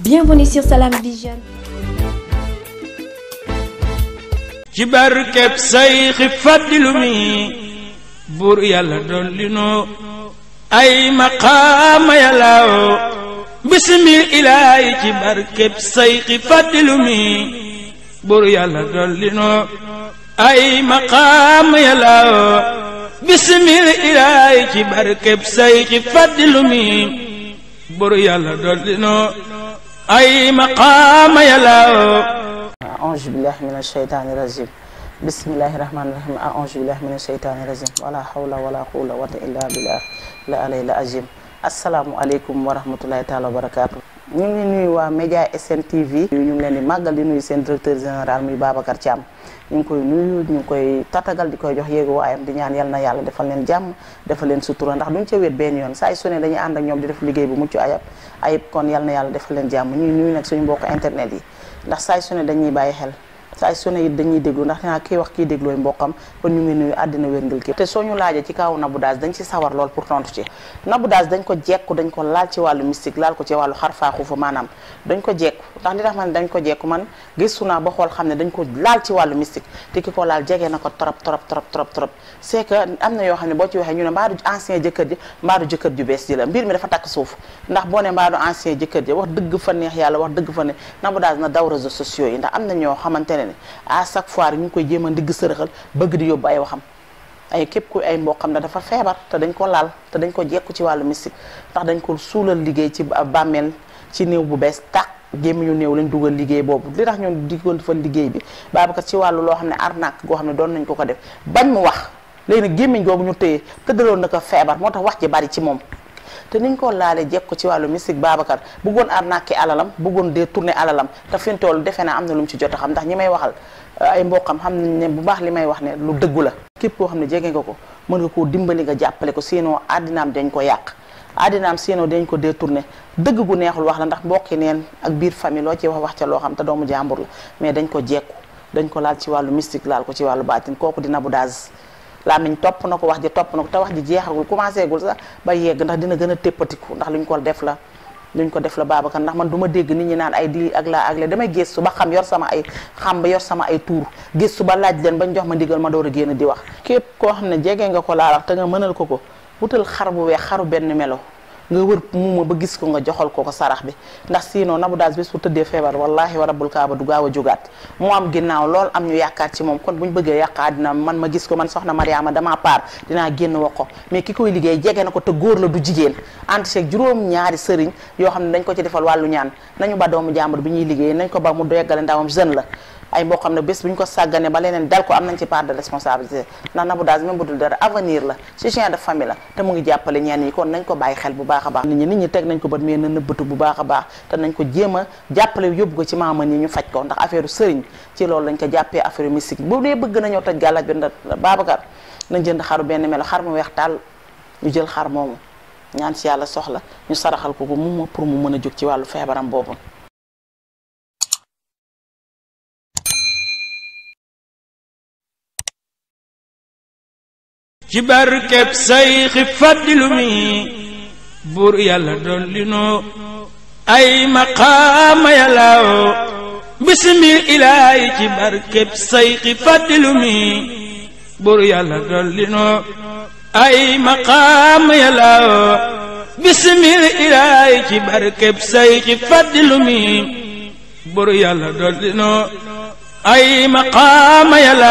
Bienvenue sur Salam Vision. ci yàlla dolli noo ay maqaama yàlla bismil ilaahi ci barkeb sayxi fàddilu mi ay maqaama yàlla bismil ilaahi ci barkeb sayxi fàddilu mi ay maqaama yalaw aouzu billahi min asheytaani rajim bismillahi rahmaani rahim aouzu billahi min asheytaani rajim wala hawla wala quwwata illa billah la alay la ajim asalaamualeykum wa rahmatullahi taala wa barakaatu ñu ngi nuyu waa Média SN TV. ñu ngi leen di màggal di nuyu seen directeur général muy Babacar Thiam ñu ngi koy nuyu ñu ngi koy tatagal di koy jox yéegu waayam di ñaan yal na yàlla defal leen jàmm defal leen sutura ndax duñ ca wéet benn yoon saa yu su ne dañuy ànd ak ñoom di def liggéey bu mucc ayab ayib kon yal na yàlla defal leen jàmm ñuy nuyu nag suñu mbokk internet yi ndax saa yu dañuy bàyyi xel. saay su ne it dañuy déglu ndax naa kii wax kii déglooy mbokkam kon ñu ngi nuyu àddina wérngal kii te soo ñu laajee ci kaw Nabou dañ ko jekku dañ ko laal ci wàllu mystique laal ko ci wàllu xarfaaxu fa maanaam dañ ko jekku ndax li tax man dañ ko jekku man gisu naa ba xool xam ne dañ ko laal ci wàllu mystique te ki ko laal jege na ko trop trop trop c'est que na yoo xam ne boo ci waxee ñu ne mbaadu ancien jëkkër ji mbaadu jëkkër ju boo ne mbaadu ancien jëkkër ji wax dëgg fa neex yàlla wax dëgg fa am na ñoo xamante ne ne à chaque fois rek ñu ngi koy jéem a ndigg sërëxal bëgg di yóbbu ay waxam ay képp ku ay mbokk xam ne dafa feebar te dañ ko laal te dañ ko jekku ci wàllu mystique tax dañ ko suulal liggéey ci bàmmeel ci néew bu bees tàq gémmiñu néew lañ dugal liggéey boobu li tax ñoom diggoon fa liggéey bi Babacar ci wàllu loo xam ne arnaque goo xam ne doon nañ ko ko def bañ mu wax léegi nag gémmiñ googu ñu téye tëddaloon na ko feebar moo tax wax ji bari ci moom te niñ koo laale jekk ko ci wàllu mystique Babacar bëggoon arnaquer alalam bëggoon détourner alalam te fi mu toll defe naa am na lu mu ci jot a xam ndax ñi may waxal ay mboqam xam nañ ne bu baax li may wax ne lu dëggu la képp koo xam ne jege nga ko mën nga koo dimbali nga jàppale ko sinon àddinaam dañ ko yàq àddinaam sinon dañ ko dee détourné dëgg gu neexul wax la ndax mbokki neen ak biir famille loo ci wax wax ca loo xam te doomu jàmbur la mais dañ ko jekku dañ ko laal ci wàllu laal ko ci wàllu baatin kooku di Nabou Dash làmmiñ topp na ko wax ji topp na ko te wax ji jeexagul commencé gul sax ba yegg ndax dina gën a téppatiku ndax luñ ko def la luñ ko def la Babacar ndax man duma dégg nit ñi naan ay di ak laa ak la damay gëstu ba xam yor sama ay xam ba yor sama ay tuur gëstu ba laaj leen bañ jox ma ndigal ma door a génn di wax képp koo xam ne jege nga ko laalax te nga mënal ko ko wutal xar bu wee xaru benn melo nga wër muuma ba gis ko nga joxal ko ko sarax bi ndax sinon Nabou Dash bés bu tëddee feebar wallahi wa rabbul kaaba du gaaw a jógaat mu am ginnaaw lool am ñu yaakaar ci moom kon bu ñu bëggee yàq àddina man ma gis ko man soxna Mariama damaa paar dinaa génn wax ko mais ki koy liggéey jege na ko te góor la du jigéen ante ceeg juróom ñaari sëriñ yoo xam ne dañ ko ci defal wàllu ñaan nañu ba doomu jàmbur bi ñuy liggéey nañ ko ba mu doyeggale ndawam jeune la ay xam ne bés bu ñu ko sàggane ba leneen dal ko am nañ ci part de responsabilité ndax Nabou Dash même bu dul dara avenir la soutien de famille la te mu ngi jàppale ñenn ñi kon nañ ko bàyyi xel bu baax a baax nit ñi nit ñi teg nañ ko bët mais na nëbbatu bu baax a baax te nañ ko jéem a jàppale yóbbu ko ci maama yi ñu faj ko ndax affaire sëriñ ci loolu lañ ko jàppee affaire mystique bu dee bëgg na ñëw toj gàllaaj bi ndax Babacar nañ jënd xaru benn melo xar mu weex tàll ñu jël xar moomu ñaan ci yàlla soxla ñu saraxal ko ko mu pour mu mën a jóg ci wàllu feebaram boobu ci barkeb sayxi faddilu mi buur yàlla dolli noo ay maqaama yàllaaw bismil ilaahi ci barkeb sayxi faddilu mi buur yàlla dolli ay maqaama yàllaaw